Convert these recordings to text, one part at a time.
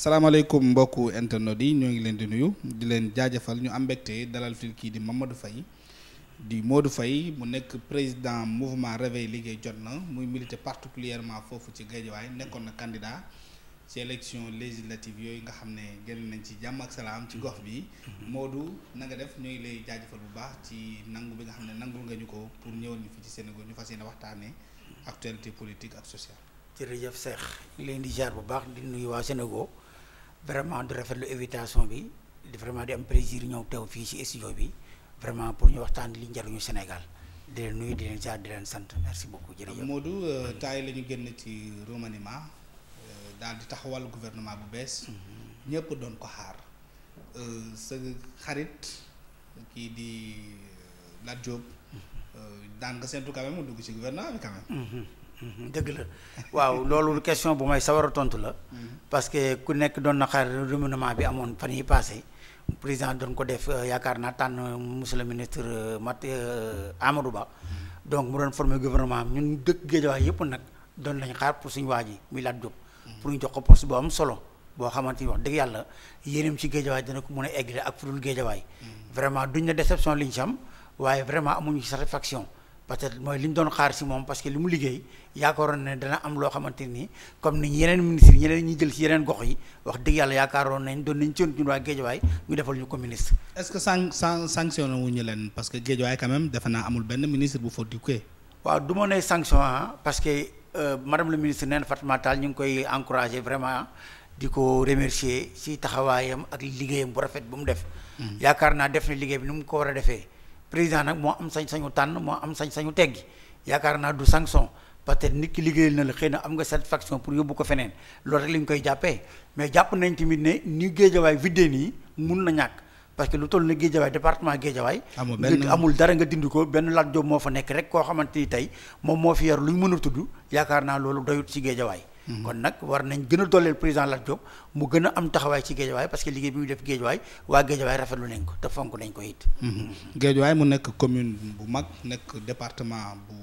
salaamaaleykum mbokk internet yi ñoo ngi leen di nuyu di leen jaajëfal ñu am mbégte dalal fil kii di Mamadou Faye di Modou Faye mu nekk président mouvement réveil liggéey jot na muy milité particulièrement foofu ci Guédiawaye nekkoon na candidat ci élection législative yooyu nga xam ne génn nañ ci jàmm ak salaam ci gox bi Modou na nga def ñoo ngi lay jaajëfal bu baax ci nangu bi nga xam ne nangu nga ñu ko pour ñëwal ñu fi ci Sénégal ñu fas yéene waxtaanee actualité politique ak sociale jërëjëf Cheikh leen di jaar bu baax di nuyu waa Sénégal vraiment di rafetlu invitation bi di vraiment di am plaisir ñëw teew fii ci studio bi vraiment pour ñu waxtaan li njariñu Sénégal di leen nuyu di leen jaar di leen sant merci beaucoup moo Modou euh, taay la ñu génn ci remaniement euh, daal di taxawal gouvernement bu bees. Mhm. ñëpp doon ko xaar. Euh, sa xarit kii di Lat Diop. Mhm. daan nga seentu quand mu dugg ci gouvernement bi quand dëgg la waaw loolu question bu may sawar a tontu la. Mm-hmm. parce que ku nekk doon na xaar remaniement bi amoon fan yi passé président doon ko def euh, yaakaar naa tànn monsieur le ministre euh, Mat euh, Amadou Ba. Mm-hmm. donc mu doon former gouvernement ñun dëkk Guédiawaye yëpp nag doon lañ xaar pour suñu waa ji muy Lat Diop. Mm-hmm. pour ñu jox ko poste bu am solo. boo xamante ni wax dëgg yàlla yéenam ci Guédiawaye dina ko mën a eggale ak fu dul Guédiawaye. vraiment duñ na déception liñ ci am waaye vraiment amuñu peut mooy li ñu doon xaar si moom parce que li mu liggéey yaakaaroon ne dana am loo xamante nii comme ni yeneen ministre yeneen ñi jël si yeneen gox yi wax dëgg yàlla yaakaaroon nañ doon ñu ceen ñun waa Géejawaay ñu defal ñu ko ministre est-ce que san san sanctionné wu ñu leen parce que Géejawaay quand même amul benn ministre bu fa dikkee waaw du ma ne sanction ah, parce que euh, madame le ministre neen Fatoumata Tall ñu ngi koy encourager vraiment di ko remercier si taxawaayam ak liggéeyam bu rafet bu mu def hmm. yaakaar naa def na liggéey bi ni mu ko war a defee président nag moo am sañ-sañu tànn moo am sañ-sañu teggi yaakaar naa du sanction parce que nit ki liggéeyal na la xëy na am nga satisfaction pour yóbbu ko feneen loolu rek lañ koy jàppee mais jàpp nañ tamit ne ni géejawaay vidde nii mun na ñàkk parce que lu toll na géejawaay département géejawaay amul dara nga dindi ko benn laaj job moo fa nekk rek koo xamante ni tey moom moo fi yar ñu mën a tudd yaakaar naa loolu doyut ci géejawaay Mm-hmm. kon nag war nañ gën a dooleel président Lat Diop mu gën a am taxawaay ci géejawaay parce que liggéey bi mu def géejawaay waa géejawaay rafetlu nañ ko te fonk nañ ko it. Mm-hmm. géejawaay mu nekk commune bu mag nekk département bu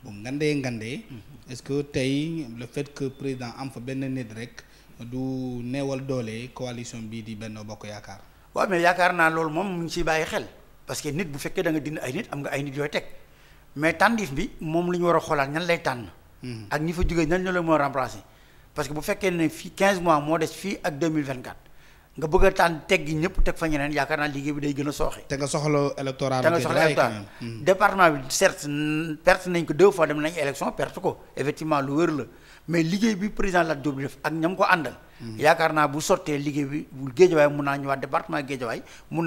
bu ngandee ngandee. Mm-hmm. est-ce que tey le fait que président am fa benn nit rek du neewal doolee coalition bii di Benno Bokk Yaakaar. waaw mais yaakaar naa loolu moom mu ngi ciy bàyyi xel parce que nit bu fekkee da nga dindi ay nit am nga ay nit yooy teg mais tàndiif bi moom lu ñu war a xoolaat ñan lay tànn. Mhm. ak ñi fa jógee nan la leen moo parce que bu fekkee ne fii 15 mois moo des fii ak nga bëgg a tànn teggi ñëpp teg fa ñeneen yaakaar naa liggéey bi day gën a sooxe. te nga soxla électorat te nga soxla électorat mhm. département bi certes perte nañ ko deux fois dem nañ élection perte ko effectivement lu wër la mais liggéey bi président Lat Diop def ak ñam ko àndal. Mhm. yaakaar naa bu sottee liggéey bi bu Géejawaay mun naa ñëwaat département Géejawaay m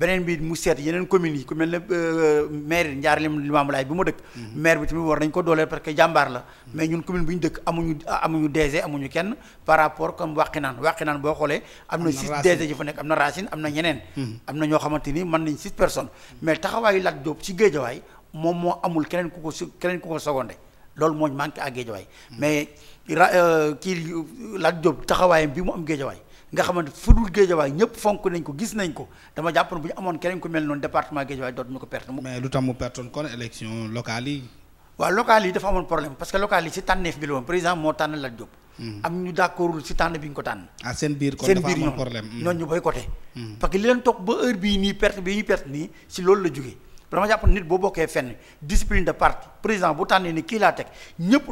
beneen bi mu seet yeneen communes yi ku mel ne euh, maire Ndiarlem Limamoulaye bi ma dëkk. Mhm. maire bi tamit war nañ ko dooleel parce que jàmbaar la. Mhm. mais ñun commune bi ñu dëkk amuñu amuñu DG amuñu kenn par rapport comme Wàqinaan Wàqinaan boo xoolee. am na six DG yu fa nekk am na Racine am na ñeneen. Mhm. am na ñoo xamante ni mën nañ six personnes. mais taxawaayu Lat Diop ci Géejawaay moom moo amul keneen ku ko su keneen ku ko secondé loolu moo ñu manqué ak Géejawaay. mais ra euh, kii Lat Diop taxawaayam bi mu am Géejawaay. nga xamante fudul géejawaay ñëpp fonk nañ ko gis nañ ko dama jàpp bu ñu amoon keneen ku mel noonu département géejawaay dootuñu ko perte. mais lu tax mu pertoon kon élection locale yi. waaw locale yi dafa amoon problème parce que locale yi si tànneef bi président moo tànn Lat Diop. Hmm. am ñu d'accordul si tànn bi ñu ko tànn. Ah, hmm. hmm. nii si loolu la jógee. dama jàpp nit boo bokkee fenn discipline de parti président bu tànnee ni kii laa teg ñëpp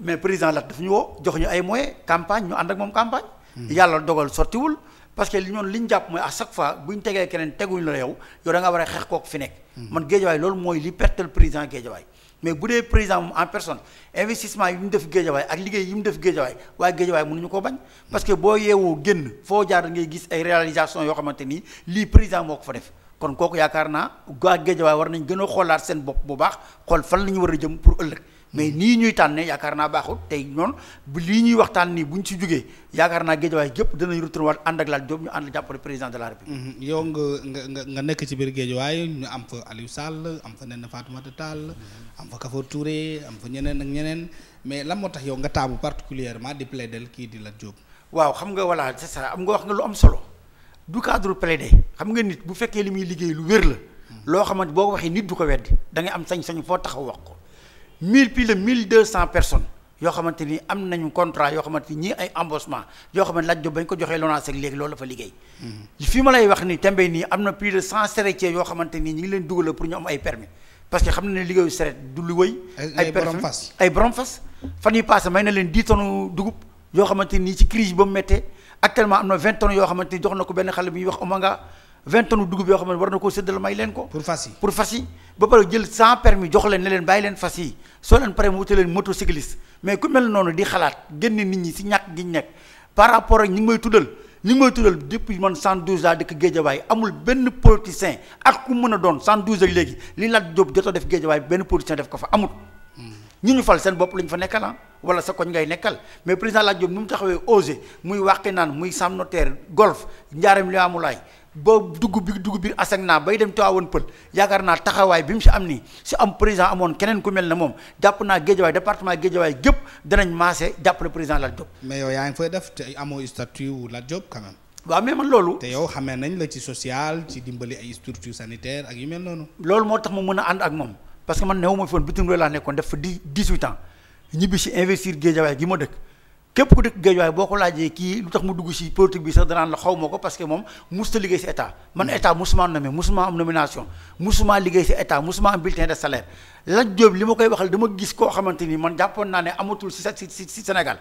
mais président Lat daf ñu woo jox ñu ay moyens campagne ñu ànd ak moom campagne. Hmm. yàlla dogal sottiwul parce que li ñoon li ñu jàpp mooy à chaque fois bu ñu tegee keneen teguñu la yow yow da war a xeex kooku fi nekk. Hmm. man géejawaay loolu mooy li pertel président géejawaay mais bu dee président moom en personne investissement yi mu def géejawaay ak liggéey yi mu def géejawaay waaye géejawaay ñu ko bañ. Hmm. parce que boo yeewoo génn foo jaar ngay gis ay réalisation yoo xamante ni lii président moo ko fa def. kon kooku yaakaar naa gaa géejawaay war nañ gën a xoolaat seen bopp bu baax xool fan la ñu war a pour ëllëg mais mm-hmm. nii ñuy tànne yaakaar naa baaxul tey noonu bu lii ñuy waxtaan nii ñu ci jógee yaakaar naa géej waaye gépp danañ retourné waat ànd ak Lat Diop ñu ànd jàppale président de la république mm-hmm. yow nga nga nga nekk ci biir géej géejawaay ñu am fa Aliou Sall am fa nen Fatoumata Tall mm-hmm. am fa Kafa Touré am fa ñeneen ak ñeneen mais lan moo tax yow nga taamu particulièrement di plaider kii di Lat Diop waaw xam nga voilà c'est ça am nga wax nga lu am solo du cadre plaider xam nga nit bu fekkee li muy liggéey lu wér la loo xamante boo waxee nit du ko weddi da ngay am sañ-sañ foo taxaw wax ko mille plus de mille deux cent personnes yoo xamante ni am nañu contrat yoo xamante ni ñii ay embauchement yoo xamante laaj ni mm-hmm. tembe nii am na plus de cent charretiers yoo xamante nii ñi ngi leen dugal pour ñu am ay permis parce que xam ne liggéeyu charrette du lu wëy ay permis ay borom fas fan yi passé may na leen dix tonnes dugub yoo xamante nii ci crise ba mu méttee actuellement am na vingt tonnes yoo xamante ni jox na ko benn xale bi ñuy wax Omanga vingt tonnes dugub yoo xam ne war na koo séddal may leen ko. pour fas yi pour fas yi ba pare jël sans permis jox leen ne leen bàyyi leen fas yi soo leen paree mu wute leen motocycliste mais ku mel noonu di xalaat génn nit ñi si ñàkk gi ñu nekk par rapport ak ñi ngi may tuddal ñi ngi may tuddal depuis man 112 ans dëkk Géejawaay amul benn politicien ak ku mën a doon 112 ak léegi li Lat Diop jotoo def Géejawaay benn politicien def ko fa amul. Hmm. ñu ñu fal seen bopp lañ fa nekkal ah wala sa koñ ngay nekkal mais président Lat Diop nu mu taxawee osé e, muy wàqi naan muy Sam Notaire golf njaaram li amulaay ba dugg bi dugg bi asag naa bay dem Tivaouane Pël yaakaar naa taxawaay bi mu si am nii si am président amoon keneen ku mel na moom jàpp naa Géejawaay département Géejawaay gépp danañ maase jàppale président Lat Diop. mais yow yaa ngi fay def te amoo statut wu Lat Diop quand même. waaw mais man loolu. te yow xamee nañ la ci social ci dimbali ay structure sanitaire ak yu mel noonu. loolu moo tax mu mën a ànd ak moom parce que man néew ma fi woon bitim réew laa nekkoon def fa dix dix huit si investir Géejawaay gi ma dëkk. képp ku dëkk géejuwaay boo ko laajee kii lu tax mu dugg ci politique bi sax danaan la xaw ma ko parce que moom musta liggéey ci état man hmm. état musuma nommé musuma am nomination musuma liggéey ci état musuma am bulletin de salaire Lat Diop li ma koy waxal dama gis koo xamante ni man jàppoon naa ne amatul ci ci ci Sénégal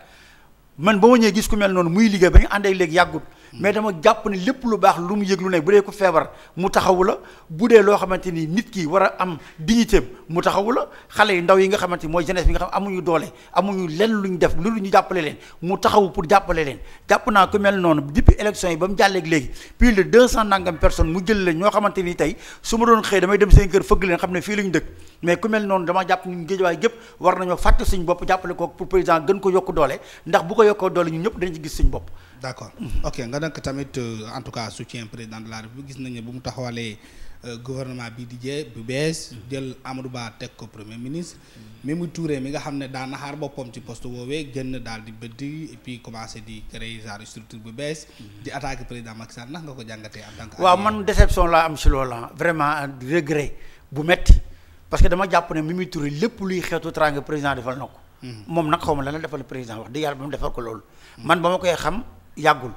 man ba ma ñëwee gis ku mel noonu muy liggéey ba ñu àndee léegi yàggut mais dama jàpp ne lépp lu baax lu mu yëg lu ne bu dee ko feebar mu taxawu la bu dee loo xamante ni nit ki war a am dignité mu taxawu la xale yu ndaw yi nga xamante ni mooy jeunesse bi nga xam amuñu doole amuñu lenn luñ def lu ñu jàppale leen mu taxawu pour jàppale leen jàpp naa ku mel noonu depuis élection yi ba mu jàlleeg léegi plus de deux cent nangam personnes mu jël leen ñoo xamante ni tey su ma doon xëy damay dem seen kër fëgg leen ne fii lañ dëkk mais ku mel noonu dama jàpp ñun géejawaay gépp war nañoo fàtte suñ yokk doole ndax ko yokkoo doole ñun ñëpp dañ gis suñ bopp d' accord mhm. ok nga nekk tamit euh, en tout cas soutien président de la république gis nañ bu mu taxawalee euh, gouvernement bi di jee bu bees mhm. jël Amadou Ba teg ko premier ministre Mimi Touré mi nga xam ne daa boppam ci poste woowee génn daal di bëddi et puis commencé di créer structure bu bees mhm. di attaquer président Macky Sall ndax nga ko jàngatee en tant que waaw man déception laa am si loola ah. vraiment ah, regret bu metti parce que dama jàpp ne Mimi Touré lépp luy la defal président wax dëgg yàggul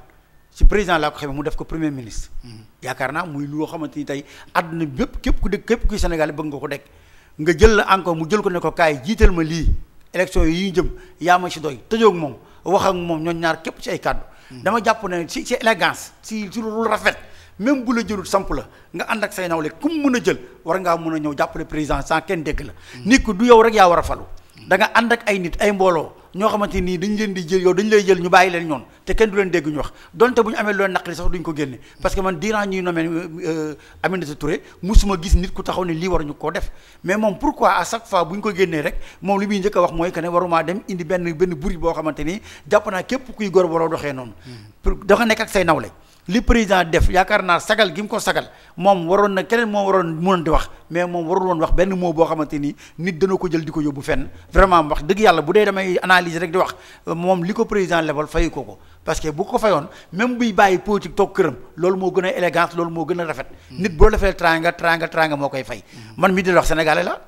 si président laa ko xamee mu def ko premier ministre. Mm-hmm. yaakaar naa muy loo xamante ni tey àdduna bépp képp ku dëkk képp kuy Sénégal bëgg nga ko dekk nga jël la encore mu jël ko ne ko kaay jiital ma lii élection yi ñu jëm yaa ma ci doy tëjoog moom wax ak moom ñoom ñaar képp ci ay kàddu. Mm-hmm. dama jàpp ne ci ci élégance ci ci lu rafet même bu la jëlul samp la nga ànd ak say nawle ku mu mën a jël war ngaa mën a ñëw jàppale président sans kenn dégg la. Mm-hmm. nit ku yow rek yaa war a falu. da nga ànd ak ay nit ay mbooloo. ñoo xamante nii dañ leen di jël yow dañ lay jël ñu bàyyi leen ñoon te kenn du leen dégg ñu wax donte bu ñu amee leen naqari sax duñ ko génne parce que man diiran ñuy nommé euh, euh, Aminata Touré musuma gis nit ku taxaw ne lii war ñu koo def mais moom pourquoi à chaque fois bu ñu ko génnee rek moom li muy njëkk a wax mooy que ne warumaa dem indi benn benn buri boo xamante nii jàpp naa képp kuy gor waroo doxee noonu hmm. pour dafa nekk ak say nawle li président def yaakaar naa sagal gi mu ko sagal moom waroon na keneen moo waroon mënoon di wax mais moom warul wax benn moo boo xamante ni nit dana ko jël di ko yóbbu fenn vraiment wax dëgg yàlla bu dee damay analyse rek di wax moom li ko président lebal fayu ko ko parce que bu ko fayoon même buy bàyyi politique toog këram loolu moo gën a élégance loolu moo gën a rafet hmm. nit boo defee tranga tranga tranga moo koy fay hmm. man mi di wax sénégalais la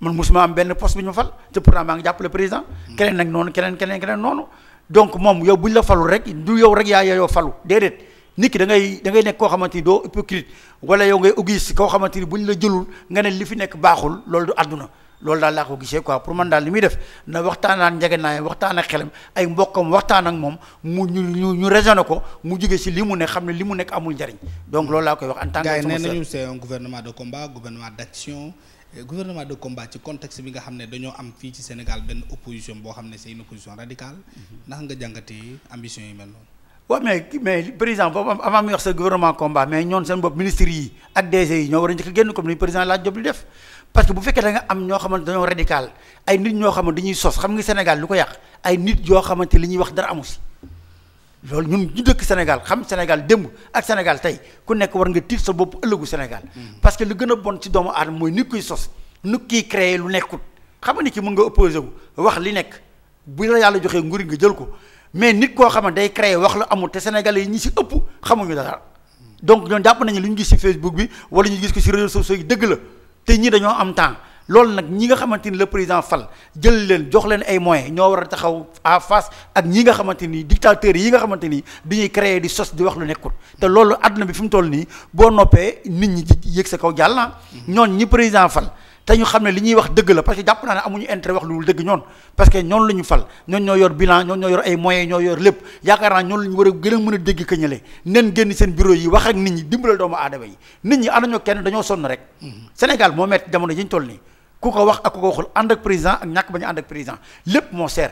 man musuma am benn poste bi ñu fal te pourtant maa ngi hmm. noonu keneen keneen keneen noonu donc moom yow buñ la falu rek du yow rek yaa yow falu déedéet nit ki da ngay da nekk koo xamante ni doo hypocrite wala yow ngay auguste koo xamante ni buñ la jëlul nga ne li fi nekk baaxul loolu du àdduna loolu daal laa ko gisee quoi pour man daal li muy def na waxtaanaan njegenaayam waxtaan ak xelam ay mbokkam waxtaan ak moom mu ñu ñu ñu ko mu jóge si li mu ne xam ne li mu nekk amul njariñ donc loolu laa koy wax en tant que. gars yi nee nañu c'est un gouvernement de combat gouvernement de combat ci bi nga xam ne dañoo am fii ci Sénégal benn opposition boo xam ne c'est une opposition radicale mm-hmm. ndax nga jàngatee ambition yi mel noonu. waaw mais mais président boobu avant muy wax sa gouvernement combat mais ñoon seen bopp ministres yi ak DG yi ñoo war a njëkk génn comme ni président laaj da am ñoo xamante dañoo radical Sénégal ko yàq xam Sénégal démb ak Sénégal tey ku nekk war nga tiit sa bopp ëllëgu Sénégal mm-hmm. parce que lu gën a mooy nit kuy sos nit kiy créer lu nekkut xam nga ni ki mën nga opposé wu yàlla joxee nguur nga jël ko mais nit koo xam ne day créer wax lu amul te sénégal yi ñi si ëpp xamuñu dara donc ñoom jàpp nañu li ñu gis si Facebook bi wala ñu gis ko si réseaux sociaux yi dëgg la te ñii dañoo am temps loolu nag ñi nga xamante ni le président fal jël leen jox leen ay moyen ñoo war a taxaw à face ak ñi nga xamante ni dictateurs yi nga xamante ni ñuy créer di sos di wax lu nekkul te loolu àdduna bi fi mu toll nii boo noppee nit ñi ci yëg sa kaw jàll ñoon ñi président te xam ne li ñuy wax dëgg la parce que jàpp naa ne amuñu intérêt wax lu dëgg ñoon parce que ñoon la ñu fal ñoon ñoo yor bilan ñoon ñoo yor ay moyens ñoo yor lépp yaakaar naa ñoon war a gën a mën a dégg ka nen génn seen bureau yi wax ak nit ñi dimbalal doomu aadama yi nit ñi àndañoo kenn dañoo sonn rek Sénégal moo metti jamono ji ñu toll nii ku ko wax ak ku ko waxul ànd ak président ak ñàkk ba ñu ak président lépp moo seer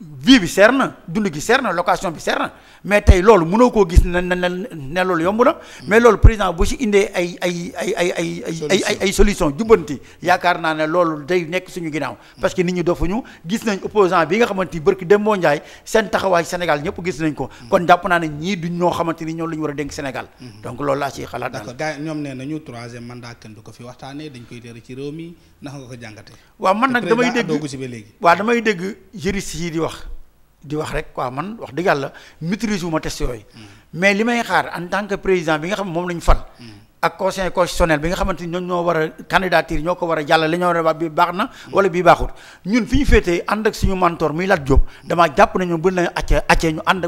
vie bi seer na dund gi seer na location bi seer na mais tey loolu mënoo koo gis ne ne loolu yomb na mais loolu président bu si indee ay ay ay ay solution jubbanti yaakaar naa ne loolu day nekk suñu ginnaaw parce que nit ñi dofuñu gis nañ opposant bi nga xamante ni bërki dem boo njaay seen taxawaay Sénégal ñëpp gis nañ ko kon jàpp naa ne ñii duñ ñoo xamante ni ñoom la war a dénk Sénégal mm-hmm. donc loolu laa ciy xalaat d'accord gars yi ñoom nee nañu troisième mandat ko fi waxtaanee dañ koy réer ci réew mi naka nga ko jàngatee waaw man nag damay dégg waaw damay jii di wax di wax rek quoi man wax dëgg yàlla maîtrise wu ma test yooyu mm. mais li may xaar en tant que président bi nga xam moom lañ fal mm. ak conseil constitutionnel bi nga xamante ni ñoom ñoo war a candidature ñoo ko war a jàllale ñoo war a bi baax na wala bii baaxut ñun fi ñu féetee ànd ak suñu mentor muy Lat Diop damaa jàpp ne ñun bu nañu acce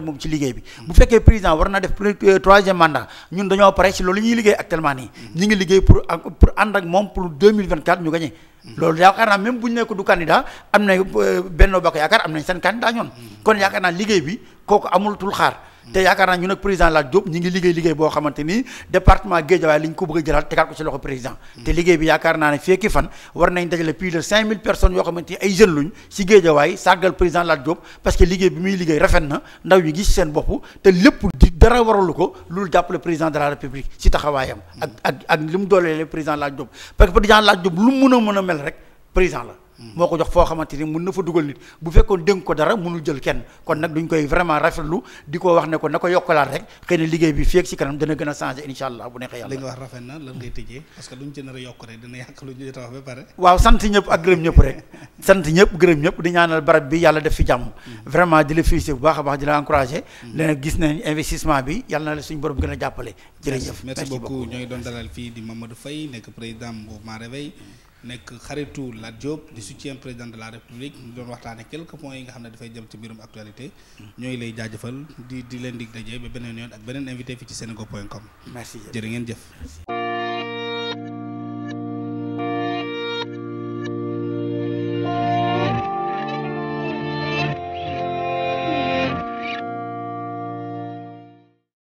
moom ci liggéey bi bu fekkee président war na def euh, troisième mandat ñun dañoo pare si loolu ñuy liggéey actuellement nii ñu ngi liggéey pour ak pour ànd ak moom pour 2024 ñu gagné loolu yaakaar naa même bu ñu nekk du candidat am na euh, Benno Bokk Yaakaar am nañ seen candidat ñoon kon yaakaar naa liggéey bi kooku amul xaar te yaakaar naa ñu nag président Lat Diop ñi ngi liggéey liggéey boo xamante ni département Guédiawaye li ñu ko bëgg a jëlaat tegaat ko ci loxo président mm. te liggéey bi yaakaar naa ne fekki fan war nañ dajale plus de yoo xamante ay jeunes luñ ci Guédiawaye sàggal président Lat parce que liggéey bi muy liggéey rafet na ndaw ñu gis seen bopp te lépp di dara waralu ko lu jàppale président de la république ci taxawaayam ak ak ak mu dooleele président Lat Diop parce que président Lat Diop lu mun a mën a mel rek président la moo ko jox foo xamante ni mun na fa dugal nit bu fekkoon dénk ko dara munul jël kenn kon nag duñ koy vraiment rafetlu di ko wax ne ko na ko yokkalaat rek xëy liggéey bi feeg si kanam dana gën a changé incha allah bu sant ñëpp ak gërëm ñëpp rek sant ñëpp gërëm ñëpp di ñaanal barab bi yàlla def fi jàmm mm-hmm. vraiment di la félicité bu baax a baax di la encouragé lena mm-hmm. gis nañ investissement bi yàlla na la suñu borom gën a jàppale jërëjëf merci beaucoup ñooy doon dalal fii nekk xaritu Lat Diop di soutien président de la république ñu doon waxtaane quelques points yi nga xam ne dafay jëm ci mbirum actualité ñooy lay jaajëfal di di leen di daje ba beneen yoon ak beneen invité fii ci senego point com merci jërë ngeen jëf